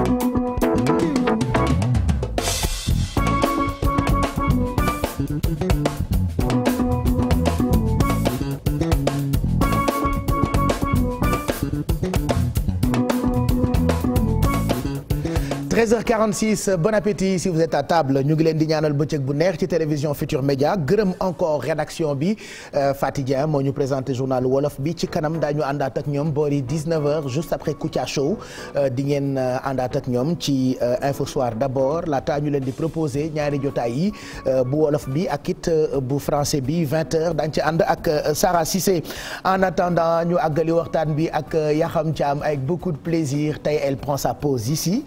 Thank mm. you. 13h46 bon appétit si vous êtes à table ñu ngi leen di ñaanal bëccëg bu neex ci télévision Futur Média gërëm encore rédaction bi euh, Faty moo ñu présenté journal wolof bi ci kanam daañu àndaat ak ñoom boori 19h juste après Kouthia Show euh, di ngeen euh, àndaat ak ñoom ci info soir d'abord laata ñu leen di proposé ñaari jotaay yi bu wolof bi ak it bu français bi 20h dañ ci ànd ak Sarah Cissé en attendant ñu àggali waxtaan bi ak Yaxam Thiam avec beaucoup de plaisir tey elle prend sa pause ici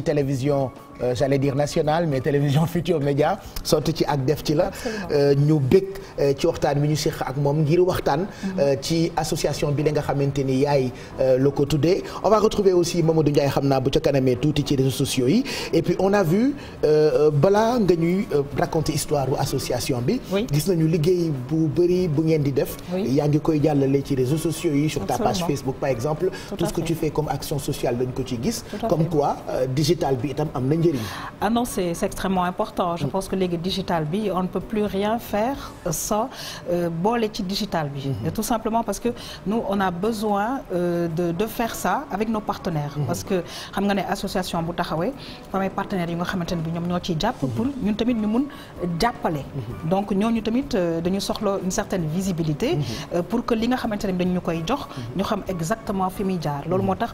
ci télévision Euh, j'allais dire nationale mais télévision Futurs Médias sotti ci ak def ci la. Euh, ñu bëgg euh, ci waxtaan bi ñu séq ak moom ngir waxtaan. Mhm. ci association bi la nga xamante ni yaay la ko tuddee on va retrouver aussi Mamadou Ndiaye xam naa bu ca kanamee tuuti ci réseaux sociaux yi et on a vu balaa nga ñuy raconter histoire bu association bi. gis nañu liggéey bu bëri bu ngeen di def. yaa ngi koy jàllale ci réseaux sociaux yi. sur ta page Facebook par exemple. tout ce que tu fais comme action sociale dañ ko ci gis. comme quoi digital bi itam a njëriñ. ah non c'est c'est extrêmement important je mm. pense que léegi digital bi on ne peut plus rien faire sans euh, boole ci digital bi. Mm-hmm. tout simplement parce que nous on a besoin euh, de de faire ça avec nos partenaires. Mm-hmm. parce que xam nga ne association bu taxawee am ay partenaires yu nga xamante ne bi ñoom ñoo ciy jàpp. Mm-hmm. pour ñun tamit ñu mun jàppale. donc ñooñu tamit euh, dañu soxla une certaine visibilité. pour que li nga xamante ne dañu ñu koy jox. ñu xam exactement fi muy jaar loolu moo tax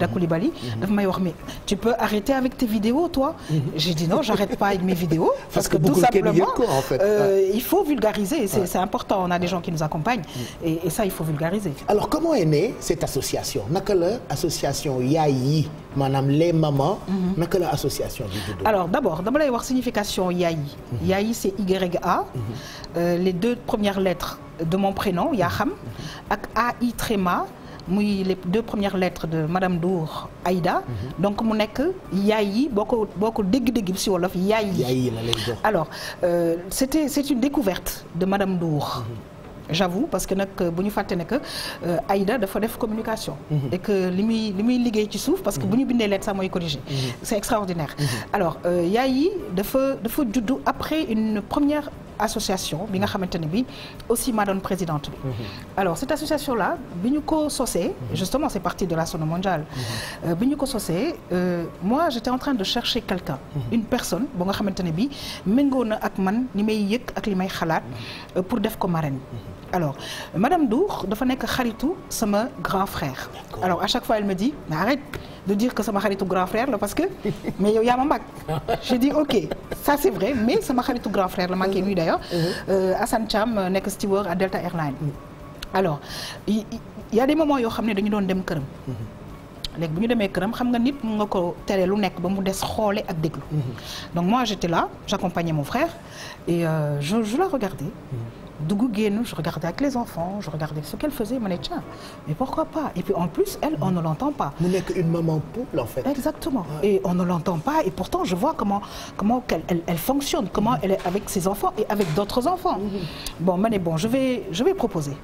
à Mhm. Koulibaly Koulibaly mhm. daf may wax mais tu peux arrêter avec tes vidéos toi mhm. j'ai dit non j'arrête pas avec mes vidéos parce, que, que tout simplement euh, il faut vulgariser et c'est ouais. important on a des gens qui nous accompagnent mm. et, et ça faut vulgariser comment est née cette association naka la association yaay yi maanaam les mamans naka la association bi judd alors d'abord dama lay wax signification yaay yi yaay yi c'est YA euh, les deux premières lettres de mon prénom Yaham ak AI tréma muy les deux premières lettres de madame Dour Aïda. Mhm. donc mu nekk yaay yi boo ko boo ko dégg-dégg si wolof yaay yi. yaay yi la lay jox alors euh, c'était c'est une découverte de madame Dour. Mhm. j'avoue parce que nag bu ñu fàtte ne que euh, Aïda dafa def communication. Mhm. et que li muy li muy liggéey ci suuf. parce que bu ñu bindee lettre sax mooy corriger. c'est extraordinaire. alors euh, yaay yi dafa dafa juddu après une première. association bi nga xamante ne bi aussi maa doon présidente bi mhm. alors cette association la bi ñu ko sosee mhm. justement c'est parti de la Sono mondiale mhm. euh, bi ñu ko sosee euh, moi j'étais en train de chercher quelqu'un une personne ba nga xamante ne bi méngoo na ak man ni may yëkk ak li may xalaat euh, pour def ko marraine alors madame Dour dafa nekk xaritu sama grand frère. alors à chaque fois elle me dit arrête de dire que sama xaritu grand frère la parce que mais yow yaa ma mag. je dis ok ça c'est vrai mais sama xaritu grand frère la manqué lui dayo uh-huh. euh, Assane Thiam nekk steward à Delta Airlines. Uh-huh. alors il des moments yoo xam ne dañu doon dem këram. Uh-huh. léegi bu ñu demee këram xam nga nit mu nga ko tere lu nekk ba mu des xoole ak déglu. donc moi j'étais là j'accompagnais mon frère et euh, dugg génn je regardais avec les enfants je regardais ce qu'elle faisait ma ne tiens mais pourquoi pas et puis en plus elle on ne l'entend pas. mu nekk une maman poule en fait. exactement ouais. et on ne l'entend pas et pourtant je vois comment comment elle elle, elle fonctionne comment mm-hmm. elle est avec ses enfants et avec d'autres enfants. Mm-hmm. bon ma ne bon je vais je vais proposer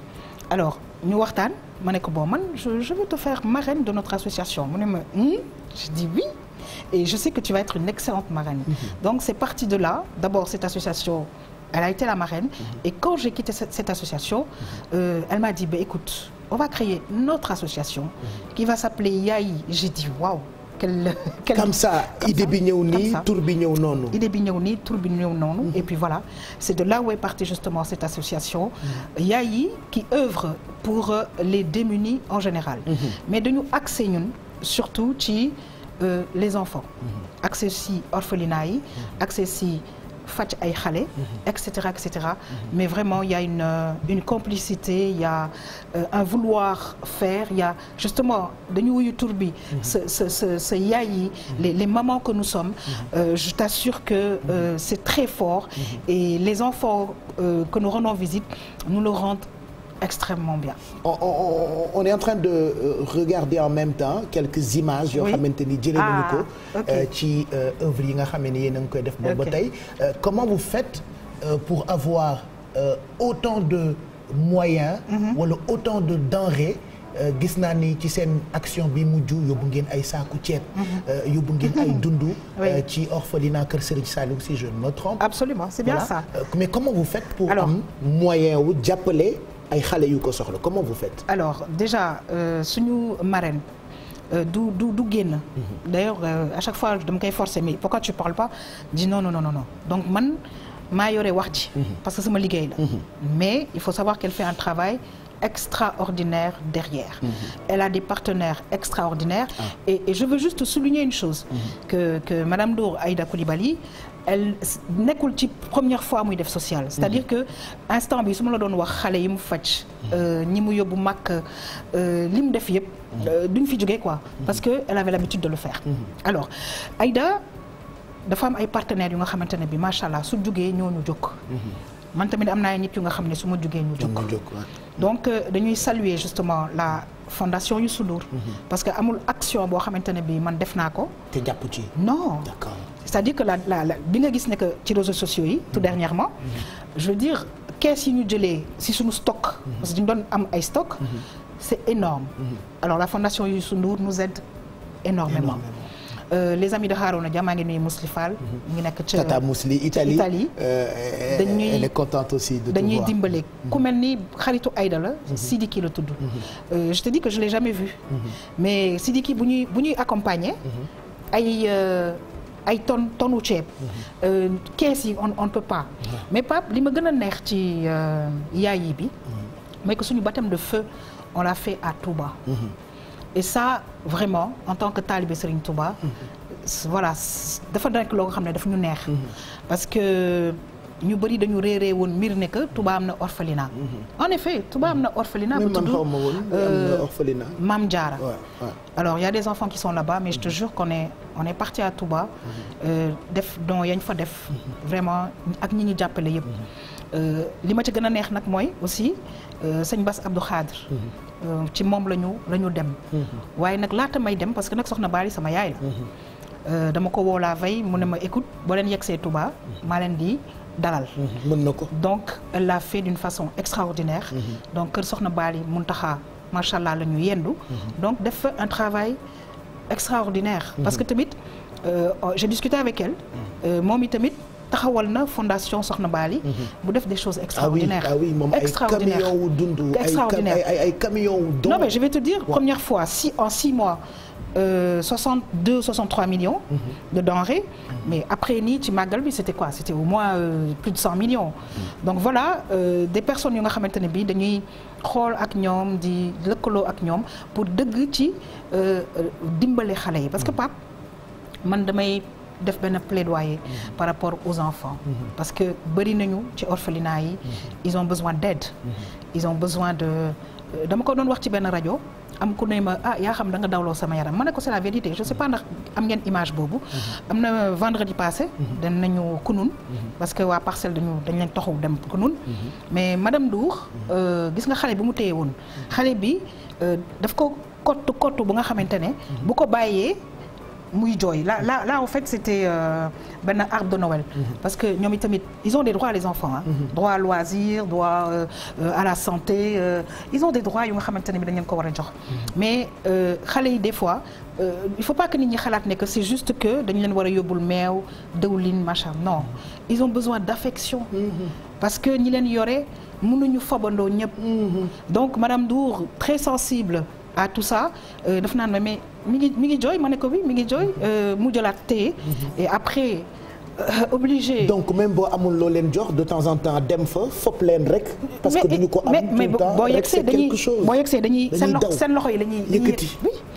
alors ñu waxtaan ma ne ko bon man je je vais te faire marraine de notre association mu ne ma hmm? je dis oui. et je sais que tu vas être une excellente marraine. Mm -hmm. donc c'est parti de là d'abord cette association. elle a été la marraine. Mmh. Et quand j'ai quitté cette, cette association, mhm. euh, elle m'a dit, bah, écoute, on va créer notre association mmh. qui va s'appeler Yaay j'ai dit waaw. quel quel comme ça idée bi ñëw nii tur bi ñëw noonu. idée bi ñëw nii tur bi ñëw noonu. Mhm. et puis voilà c'est de là où est partie justement cette association. Mhm. Yaay qui œuvre pour euh, les démunis en général. mais dañu accès ñun surtout ci euh, les enfants. accès si orphelinat yi. accès si faj ay xale. Mhm. et cetera et cetera mais vraiment il y a une euh, une complicité il y a euh, un vouloir faire il y a justement dañu wuyu tur bi. sa sa sa sa yaay yi mhm. les les mamans que nous sommes. Mhm. Euh, je t'assure que euh, c'est très fort et les enfants euh, que nous rendons visite nous le rendent. extrêmement bien. on on on est en de euh, regarder en même temps quelques images. yoo xamante ni jëlee nañu ko. Ah, euh, ci euh, œuvre yi nga xam ne yéen ngi koy def. ba tey comment vous faites pour avoir autant de moyens. Mm-hmm. wala autant de denrées. gis naa ni ci seen action bi mujj yóbbu ngeen ay saaku ceeb. Mm-hmm. yóbbu ngeen ay dundu. ci orphelinat Kër Serigne Saliou si je ne me trompe. absolument c'est bien ça. mais comment vous faites pour am wu jàppale. ay xale yu ko soxla comment vous faites. alors déjà euh, suñu marraine. Euh, du du du génn. Mm -hmm. d'ailleurs euh, à chaque fois dama koy forcer mais pourquoi tu parles pas dis non non non non donc man maa yore wax ci. Mhm. parce que sama liggéey la. Mhm. mais il faut savoir qu'elle fait un travail. extraordinaire derrière. Mm -hmm. Elle a des partenaires extraordinaires. Ah. Et, et, je veux juste souligner une chose, mm -hmm. que, que Madame Dour Aïda Koulibaly, elle nekkul ci première fois muy def social mm-hmm. c'est-à-dire que instant bi su ma la doon wax xale yi mu faj mm-hmm. euh, ñi mu yóbbu mag euh, li mu def yëpp mm-hmm. euh, duñ fi jógee quoi parce que elle avait l'habitude de le faire alors Aïda dafa am ay partenaires yu nga xamante ne bi macha allah su jógee ñoo ñu jóg man tamit am naa nit yu nga xam ne su ma jugee ñu jóg donc euh, dañuy saluer justement la fondation yu sundur mhm. parce que amul action boo xamante ne bi man def naa ko te jàpp ci non d'accord c'est-à-dire que bi nga gis ne que ci réseaux sociaux yi tout mhm. dernièrement mhm. je veux dire kees yi ñu jëlee si suñu stock parce que ñu doon am ay stock c'est énorme alors la fondation Youssou Ndour nous aide énormément Euh, les amis de Harouna Dia maa ngi nuyu Mousli Fall. Mhm. ngi nekk ca Tata Mousli Italie Italie. Euh, dañuy elle est de dañuy dimbale mhm. ku mel ni xaritu Aïda la. Mhm. Sidiki la tudd. Euh, je te dis que je l'ai jamais vu. mais Sidiki bu ñuy bu ñuy accompagner. ay ay tonne tonnu ceeb. kees yi on on peut pas. mais Pape li ma gën a neex ci yaay yi bi. mooy que suñu baptême de feu on l'a fait à Touba. et ça vraiment en tant que taalibe Serigne Touba. voilà dafa nekk loo xam ne daf ñu neex. parce que ñu bëri dañu réeree woon mbir ne que Touba am na orphelinat. en effet Touba am na orphelinat. bu Maam euh, Diarra. alors y a des enfants qui sont là-bas mais je te jure qu'on on est parti à Touba. Euh, def don yañ fa def. vraiment ak ñi ñu jàppale yëpp. Euh, li ma ci gën a neex nag mooy aussi euh, sëñ Bass Abdou Khadre mhm. euh, ci moom la ñu la dem mhm. waaye nag laata may dem parce que nag soxna Bali sama yaay la mhm. dama ko woo la mu ne ma écoute boo leen yegsee Touba maa leen di dalal mën ko donc elle l'a fait d'une façon extraordinaire donc kër soxna mun Muntaxa macha allah la ñu yendu donc def fa un extraordinaire parce que tamit oh, j'ai discuté avec elle moom i tamit taxawal na fondation Soxna Bali. Mhm. bu def des choses ah extraordinaires. ah oui moom ay camions wu dund. extraordinaire ay ay camions wu dund. je vais te dire première fois en six mois. Euh, 62 63 millions. Mm -hmm. de denrées. mais après nii ci màggal bi c'était quoi c'était au moins euh, plus de 100 millions. Mhm. donc voilà euh, des personnes yu nga xamante ne bii dañuy xool ak ñoom di lëkkaloo ak ñoom pour dëgg ci euh, euh, dimbale xale yi parce que mhm. Pape man def benn plaidoyer mhm. par rapport aux enfants mhm. parce que bëri nañu ci orphelinat yi mhm. ils ont besoin d'aide ils ont besoin de euh, dama ko doon wax ci benn rajo am ku ne ma ah yaa xam da nga dawloo sama yaram ma ne ko c'est la vérité je sais pas ndax am ngeen image boobu am na vendredi passé dem nañu ku kunun parce que waa parcelle dañu dañ leen toxu dem kunun mais madame Dour euh, gis nga xale bi mu téye woon xale bi euh, daf ko kott kott bu nga xamante ne bu ko bàyyee muy jooy là là là en fait c'était euh, benn arbre de Noël. Mm -hmm. parce que ñoom itamit ils ont des droits les enfants ah. Mm -hmm. droit à loisir droit euh, euh, à la santé euh, ils ont des droits yu nga xamante ne bi dañ leen ko war a jox. Mm-hmm. mais euh, xale yi des fois euh, il faut pas que nit ñi xalaat ne que c'est juste que dañ leen war a yóbbul meew dëwlin machin non mm-hmm. ils ont besoin d'affection. Mm -hmm. parce que ñi leen yore mënuñu fabandoo ñëpp. Mm-hmm. donc madame Dour très sensible. à tout ça euh, daf naan ma mais mi ngi mi ngi jooy ma ko bi mi ngi jooy euh, mu jëlaat téye mhm. et après euh, obligé donc même boo amul leen jox de temps en temps dem fa fopp leen rek. parce que duñu ko am tout le temps rek c'est seen loxo yi la ñuy yëkkati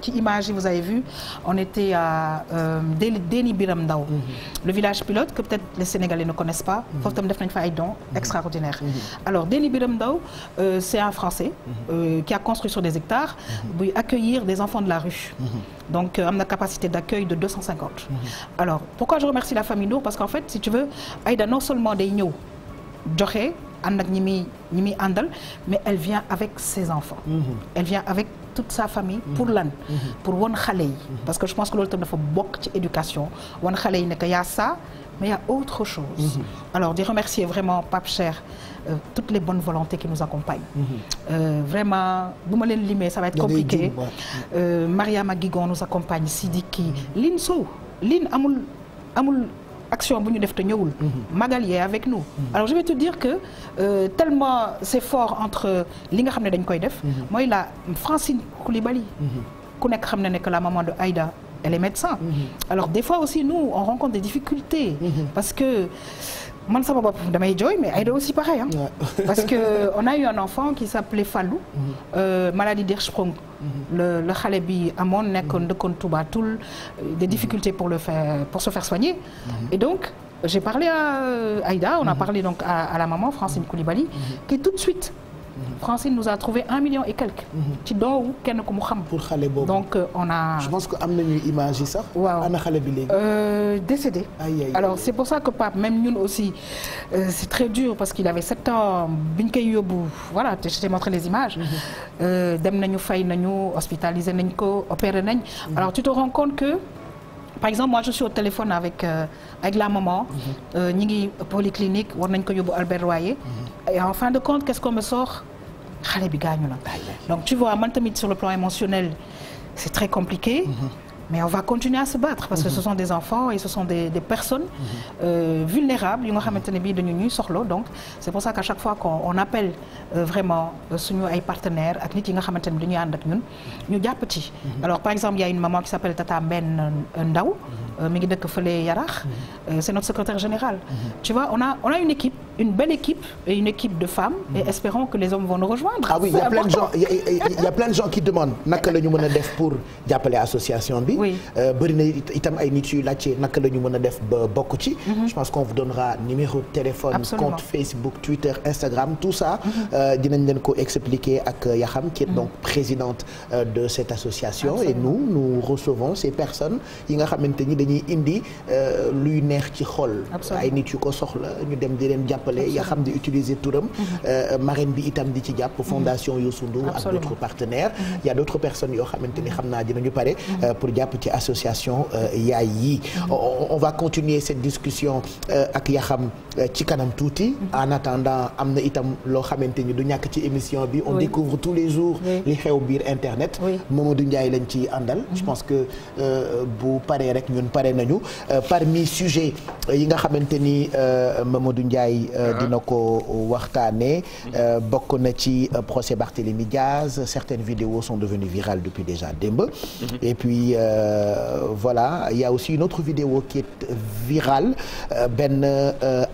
ci image yi vous avez vu on était à euh, Déni Biram Ndao mm-hmm. le village pilote que peut-être les Sénégalais ne connaissent pas mm-hmm. foofu tam def nañ fa ay dons mm-hmm. extraordinaires alors Déni Biram Ndao euh, c'est un Français euh, qui a construit sur des hectares buy accueillir des enfants de la rue donc am na capacité d'accueil de 250 alors pourquoi je remercie la famille Ndour parce qu'en fait si tu veux Aïda non seulement day ñëw joxe ànd ak ñi muy ñi muy àndal mais elle vient avec ses enfants elle vient avec toute sa famille. pour lan pour wan xale yi. parce que je pense que loolu itam dafa bokk ci éducation wan xale mhm. Pape Cheikh euh, toutes les bonnes volontés qui nous accompagnent. Mhm. Euh, vraiment bu ma leen limee ça va être compliqué. Euh, Mariama Guigon nous accompagne Sidiki Lin Sow Lin amul amul. action bu ñu def te ñëwul. Mhm. Magal yee avec nous. Mhm. alors je vais te dire que euh, tellement c'est fort entre li nga xam ne dañ koy def. Mhm. mooy la Francine Koulibaly. ku nekk xam na ne que la maman de Aïda elle est médecin. alors des fois aussi nous on rencontre des difficultés. parce que. man sama bopp damay jooy mais Aïda aussi pareil hein ouais. parce que on a eu un enfant qui s'appelait Fallou mm-hmm. euh, maladie d'Hirschsprung mm-hmm. le le xale bi amoon mm-hmm. nekkoon dëkkoon Touba Toul euh, des difficultés pour le faire pour se faire soigner et donc j'ai parlé à euh, Aïda on a parlé donc à, à la maman Francine Koulibaly qui tout de suite Francine nous a trouvé un million et quelques. Mhm. ci doowu kenn ku mu xam. pour xale boobu donc euh, on a. je pense que am nañu image yi sax. waaw ana xale bi léegi. Euh, décédé. alors c'est pour ça que Pape même ñun aussi euh, c'est très dur parce qu'il avait sept ans bi ñu koy yóbbu voilà te je t'ai montré les images. Mhm. Euh, dem nañu fay nañu hospitalisé nañ ko opéré nañ. Mhm. alors tu te rends compte que. par exemple moi je suis au téléphone avec euh, avec la maman. ñi ngi polyclinique war nañ ko yóbbu Albert Royer. et en fin de compte qu'est-ce qu'on me sort. xale bi gaañu na donc tu vois man sur le plan émotionnel c'est très compliqué mm-hmm. mais on va continuer à se battre parce que mm-hmm. ce sont des enfants et ce sont des personnes mm-hmm. euh, vulnérables yu nga xamante ne bii dañu ñuy soxla donc c'est pour ça qu'à chaque fois qu'on appelle euh, vraiment euh, suñu ay partenaires ak nit yi nga xamante ne dañuy ànd ak ñun ñu jàpp ci alors par exemple il y a une maman qui s'appelle Tata Mbenn Ndaw mi ngi dëkk fële Yarax c'est notre secrétaire une belle équipe et une équipe de femmes hmm. espérons que les hommes vont nous rejoindre. il y a plein de gens il y de gens qui demandent naka la ñu a def pour jàppale association bi. oui euh, bëri na itam ay nit yu laajte naka la ñu mën a def ba bokk ci. Hmm. je pense qu'on vous donnera numéro de téléphone. Absolument. compte Facebook Twitter Instagram tout ça. Hmm. Euh, dinañ leen ak Yaxam qui est donc présidente euh, de cette association. Absolument. et nous nous recevons ces personnes yi nga xamante ni dañuy indi luy neex ci xol. ay nit yu ko soxla jàppale yaa xam di utiliser turam mhm. euh, marraine bi itam di ci jàpp mhm. fondation Youssou Ndour ak d'autres partenaires mhm. il y a d'autres yoo xamante ni xam naa dinañu pare euh, pour jàpp ci association euh, yaay yi on va continuer cette discussion ak yaa xam ci kanam tuuti en attendant am na itam loo xamante ni du ñàkk ci émission bi on découvre tous les jours li xew biir internet Mamadou Ndiaye lañ ci àndal je pense que bu paree rek ñun pare nañu parmi sujet yi nga xamante ni Mamadou Ndiaye Euh, ah. dina ko waxtaanee. Mhm. Euh, bokk na ci euh, procès Barthélémy Diaz certaines vidéos sont devenues virales depuis déjà démb. Mhm. et puis voilà il y a aussi une autre vidéo qui est virale benn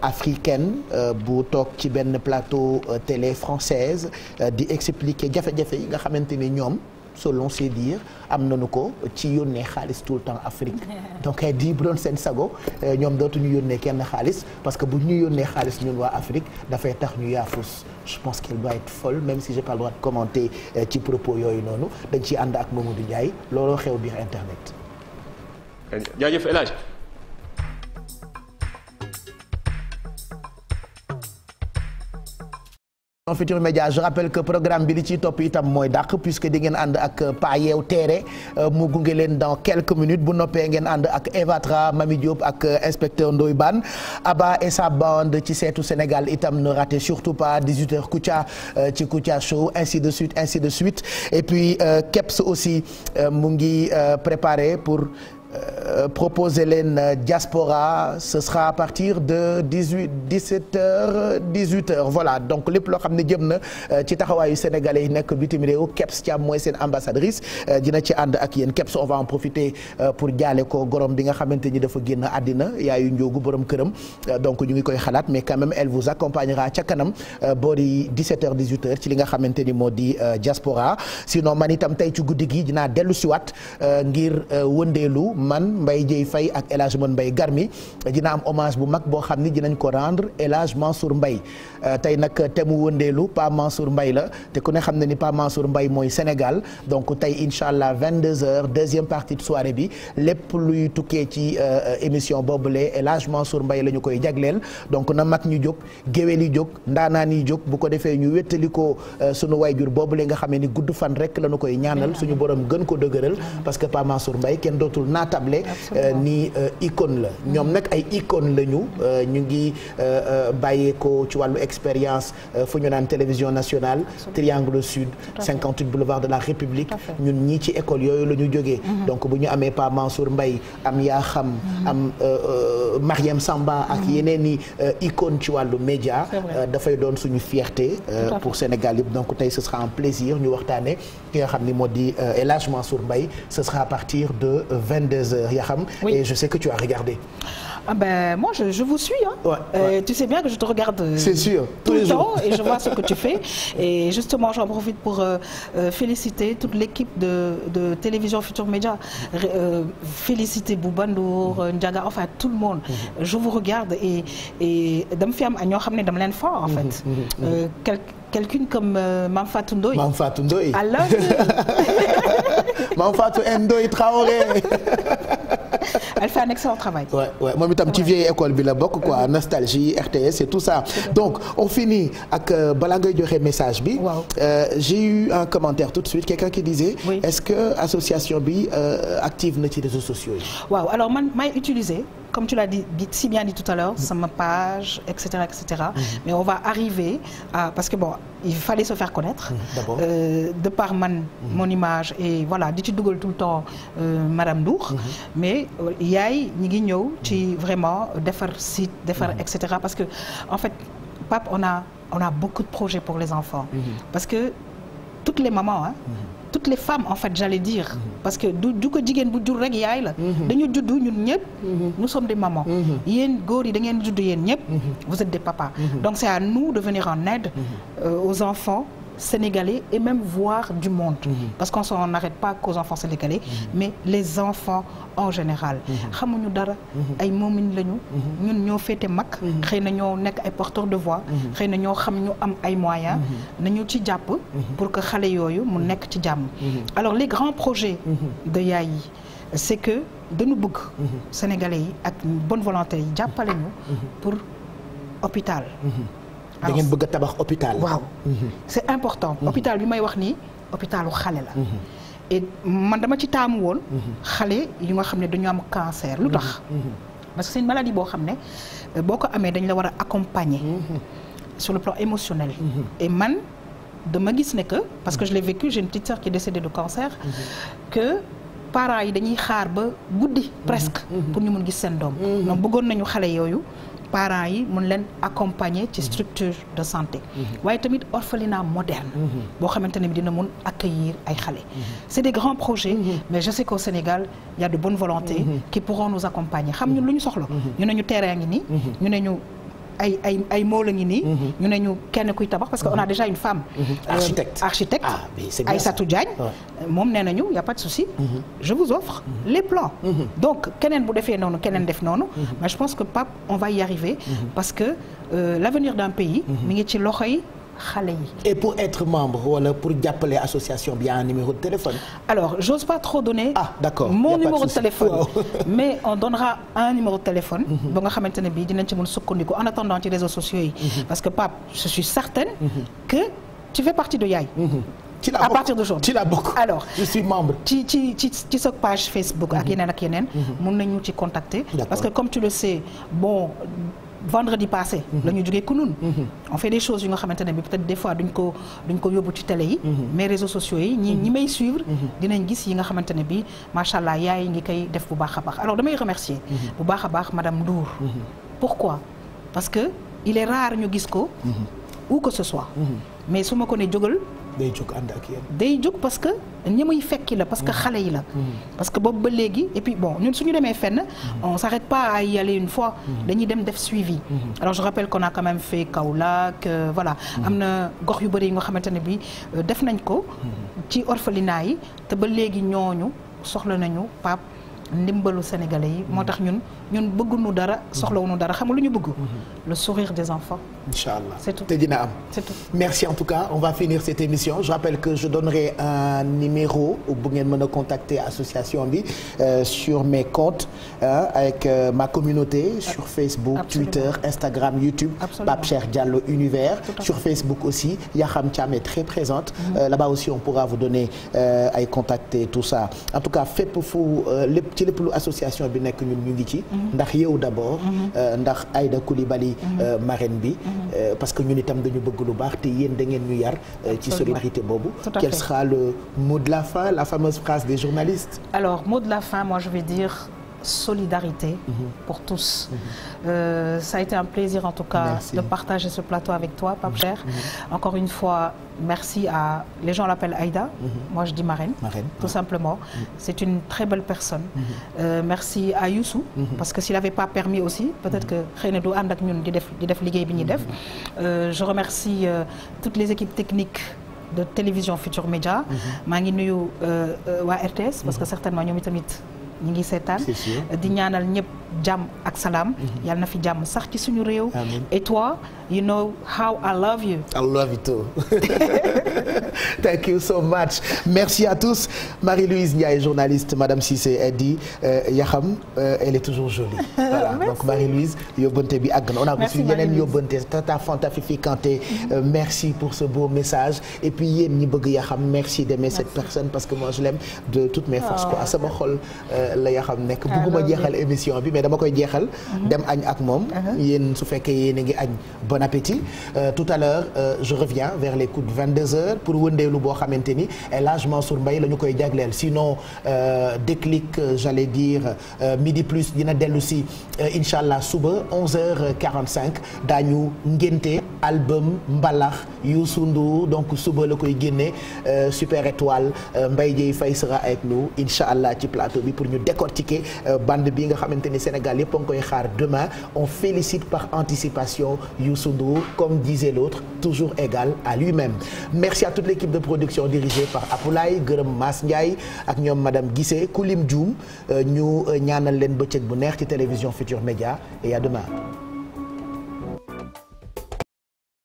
africaine bu toog ci benn plateau télé française di expliquer jafe-jafe yi nga xamante ni ñoom. selon ses dires am nañu ko ci yónnee xaalis tout le temps Afrique donc ay eh, di bu doon seen sago eh, ñoom dootuñu yónnee kenn xaalis parce que bu ñu yónnee xaalis ñun waa Afrique dafay tax ñu yaafus je pense qu'elle doit être folle même si j'ai pas le droit de commenter eh, ci propos yooyu noonu dañ ciy ànd ak Mamadou Ndiaye looloo xew biir internet. jaajëf Futurs Médias je rappelle que programme bi li ciy topp itam mooy dàq puisque di ngeen ànd ak Pa Yeew Teere euh, mu gunge leen dans quelques minutes bu noppee ngeen ànd ak Evatra Mami Diop ak euh, inspecteur Ndoye Bane Abba et sa bande ci seetu Sénégal itam ne ratez surtout pas 18h Kouthia euh, ci Kouthia Show ainsi de suite ainsi de suite et puis Kebs aussi mu ngi préparé pour. Euh, proposer leen euh, diaspora ce sera à partir de dix huit dix sept heures dix huit heures voilà donc lépp loo xam ne jëm na euh, ci taxawaayu sénégalais yi nekk bitim réew Kebs Thiam mooy seen ambassadrice dina ci ànd ak yéen Kebs on va en profiter pour jaale ko gorom bi nga xamante ni dafa génn àddina yaayu njóogu borom këram donc ñu ngi koy xalaat mais quand même elle vous accompagnera ca kanam boori dix sept heures dix huit heures ci li nga xamante ni moo di diaspora sinon tey ci guddi gi dinaa dellu siwaat ngir man Mbaye Dieye Faye ak El Hadj Mon Mbaye Garmi dina am hommage bu mag boo xam ni dinañ ko rendre El Hadj mbay euh, tey nag te mu wëndeelu Pa Mansour mbay la te ku ne xam ne ni Pa Mansour mbay mooy Sénégal donc tey incha allah 22h deuxième partie de bi lépp luy tukkee ci euh, émission boobule El Hadj Mansour Mbaye la ñu koy jagleel donc na mag ñu jóg géwél yi jóg ndaanaan yi jóg bu ko defee ñu wéttali ko euh, sunu wayjur boobule nga xam ni gudd fan rek la ñu koy ñaanal suñu borom gën ko dëgëral parce que Pa Mansour Mbaye kenn dootul naat naatable euh, ni euh, icône la ñoom nag ay icône la ñu euh, ñu ngi bàyyeekoo ci wàllu expérience fu ñu naan télévision nationale triangle sud 58 boulevard de la république ñun ñi ci école yooyu la ñu jógee mhm. donc bu ñu amee Pa Mansour Mbaye am yaa xam mhm. am Mariam Samba ak mhm. yeneen i icône ci wàllu média dafay doon suñu fierté pour Sénégal yëpp donc tey ce sera un plaisir ñu waxtaane ki nga xam ni moo di El Hadj Mansour Mbaye ce sera à partir de 2h Yakham oui. et je sais que tu as regardé ah ben moi je, je vous suis hein. ouais, euh, ouais. Euh, tu sais bien que je te regarde. Euh, c'est sûr tous les jours tout le temps et je vois ce que tu fais et justement j'en profite pour euh, euh, féliciter toute l'équipe de de télévision Futur Média euh, féliciter Bouba Ndour mm-hmm. Ndiaga enfin tout le monde. Mm -hmm. je vous regarde et et dama fi am ñoo xam ne dama leen fort en fait. Mm mm-hmm. -hmm. quelqu'un comme Mame Fatou Ndoye. Mame Fatou Ndoye. à maam Fatou eh, Ndoye Traoré. elle fait un excellent travail. waaw waaw moom itam ci vieille école bi la bokk quoi nostalgie RTS et tout ça donc on finit ak euh, balaa ngay joxe message bi. waaw euh, j'ai eu un commentaire tout de suite quelqu'un qui disait. est-ce que association bi euh, active na ci réseaux sociaux yi. waaw alors man maay utiliser. comme tu l'as dit, dit, si bien dit tout à l'heure, mmh. ma page, etc. etc. Mmh. Mais on va arriver à... Parce que bon, il fallait se faire connaître. Mm-hmm. Euh, de par man, mm-hmm. mon image et voilà, dit Google tout le temps euh, Madame Dour. Mm-hmm. Mais il y a vraiment défaire site, défaire, etc. Parce que en fait, Pape, on a, on a beaucoup de projets pour les enfants. Parce que toutes les mamans, hein, toutes les femmes en fait j'allais dire parce que du du ko jigéen bu jur rek yaay la mhm. dañu judd ñun ñëpp mhm. nous sommes des mamans mhm. yéen góor yi da ngeen judd yéen vous êtes des papas donc c'est à nous de en aide euh, aux enfants sénégalais et même voire du monde. Mm -hmm. parce qu'on s'en arrête pas qu'aux enfants sénégalais. Mm -hmm. mais les enfants en général. Mhm. xamuñu dara. Mhm. ay moomin lañu. Mhm. ñun ñoo féete mag. xëy na ñoo nekk ay porteurs de voix. xëy na ñoo xam ñu am ay na nañu ci jàpp. pour que xale yooyu mu nekk ci jàmm. alors les grands projets. de yaay yi c'est que dañu bëgg. sénégalais yi ak bonne volonté yi jàppale ñu. pour hôpital. da ngeen bëgg tabax hôpital. waaw mhm. c' est important. Mhm. hôpital bi may wax nii hôpitalu xale la. Mhm. man dama ci taamu woon. xale yi nga xam ne dañu am cancer lu tax. parce que c'est une maladie boo xam ne euh, boo ko amee dañ la war a accompagner. sur le plan émotionnel. et man dama gis ne que parce que je l'ai vécu j'ai une petite sœur qui est décédée cancer. que parents yi dañuy xaar ba guddi. presque pour ñu mun gis seen doom. donc bëggoon nañu xale yooyu. parents yi mun leen accompagner ci structure de santé mhm. waaye tamit orphelinat moderne mhm. boo xamante ne bi dina mun accueillir ay xale mhm. c'est des grands projets mais je sais qu'au Sénégal il a de bonnes volontés qui pourront nous accompagner xam ñu lu ñu soxla ñu ne ñu terrain ngi nii ñu ne ñu ay ay ay moo la ngi nii. Mhm. ñu ne ñu kenn kuy tabax parce que on a mhm. déjà une femme. Mhm. architecte architecte ah mais c'est bien Aïssatou Diagne. moom nee nañu y a pas de souci. je vous offre les plans. donc keneen bu defee noonu keneen def noonu. mais je pense que Pape on va y arriver. parce que euh, l'avenir d'un pays. mi ngi ci loxo yi. xale yi. et pour membre wala pour association bi a un numéro de téléphone. alors j'ose pas trop donner. Ah, mon numéro de téléphone. mais on donnera un numéro de téléphone. Mm-hmm. ba nga xamante ne bii dinañ en attendant ci réseaux sociaux yi. Mm-hmm. parce je suis certaine. Mm-hmm. que tu fais partie de Yaay. à partir d'aujourd'hui ci je suis membre. ci contacter. parce que comme tu le sais bon. vendredi passé mhm. la ñu jógee kunun mhm. on fait des choses yu nga xamante bi peut-être des duñ ko duñ ko yóbbu ci télé yi mhm. mais réseaux sociaux yi ñi may suivre dinañ gis yi nga xamante ne bi macha allah yaay ngi koy def bu baax a baax alors damay remercier bu baax a baax madame Ndour pourquoi parce que il est rare ñu gis ko où que ce soit mais su ma ko ne jógal day jóg ànd day jóg parce que ñi muy fekki la parce que mm. xale yi la. Mm. parce que boobu ba léegi et puis bon ñun suñu demee fenn. Mm. on s'arrête pas à y aller une fois. dañuy dem def suivi. alors je rappelle qu'on a quand même fait Kaolack euh, voilà am na gox yu bëri yi nga xamante ne bi euh, def nañ ko. ci orphelinat yi te ba léegi ñooñu soxla nañu Pape. ndimbalu sénégalais yi moo tax ñun ñun bëgguñu dara soxla soxlawuñu dara xam nga lu ñu bëgg mm-hmm. le sourire des enfants incha allah c'est tout te dina am. c'est tout merci en tout on va finir cette émission je rappelle que je donnerai un numéro bu ngeen mën a contacter association bi euh, sur mes comptes hein, avec euh, ma communauté sur Facebook Absolument. Twitter Instagram YouTube. Pape Cheikh Diallo Univers. sur Facebook aussi Yakham Thiam est très présente. Mm-hmm. euh, là-bas aussi on pourra vous donner ay euh, contacter tout fépp fu euh, lépp ci lépp association bi nekk ñun ñu ngi ci. Mhm. ndax Euh, parce que ñun itam dañu bëgg lu baax te yéen da ngeen ñu yar euh, ci solidarité boobu quel sera le mot de la fin la fameuse phrase des journalistes alors mot de la fin moi je vais dire solidarité mhm. pour tous. Mhm. Euh, ça a été un plaisir en tout cas merci. de partager ce plateau avec toi, Pape mhm. Cher. Encore une fois, merci à... Les gens l'appellent Aïda, moi je dis marraine, marraine tout ouais. simplement. C'est une très belle personne. Euh, merci à Youssou, parce que s'il n'avait pas permis aussi, peut-être que xëy na du ànd ak ñun di def di def liggéey bi ñuy def. Euh, je remercie euh, toutes les équipes techniques de télévision Futur Média. maa ngi nuyu euh, euh, waa RTS parce que certainement ñoom itamit ñu ngi seetaan di ñaanal ñëpp jàmm ak salaam mm-hmm. yàlla na fi jàmm sax ci suñu réew et toi you know how I love you I love you too Thank you so much. Merci à tous. Marie-Louise Ndiaye, journaliste, Madame Cissé a dit euh, Yaxam, euh, est toujours jolie. Marie-Louise, yóbbante bi àgg na. On a reçu yeneen yóbbante Tata Fanta Fifi Kanté. Mhm. Euh, merci pour ce beau message et puis yéen ñi bëgg merci d'aimer cette personne parce que moi je l'aime de toutes mes forces a oh. Sama xol euh, la Yaxam nekk. Ah, Bëgguma jeexal émission bi mais dama koy jeexal mhm. dem añ ak moom. Uh-huh. Yéen su fekkee yéen a ngi añ bon appétit. wëndeelu boo xamante ni El Hadj mbay Mbaye la ñu koy jagleel sinon euh, déclic euh, j'allais dire euh, midi plus dina dellu si incha allah suba 11 h cinq daañu ngénte album mbalax Youssou Ndour donc suba la koy génne euh, Super Étoile euh, Mbaye Dieye Faye sera avec lu incha allah ci plateau bi pour ñu décortiquer euh, band bi nga xamante ni Sénégal yëpp a ngi koy xaar demain on félicite par anticipation Youssou Ndour comme disait l'autre toujours égal à lui-même merci à toute l'équipe de production dirigée par Apoulaye gërëm Mass Ndiaye ak ñoom madame Guissé Koulim Dioum ñu ñaanal leen bëccëg bu neex ci télévision Futur Média et demain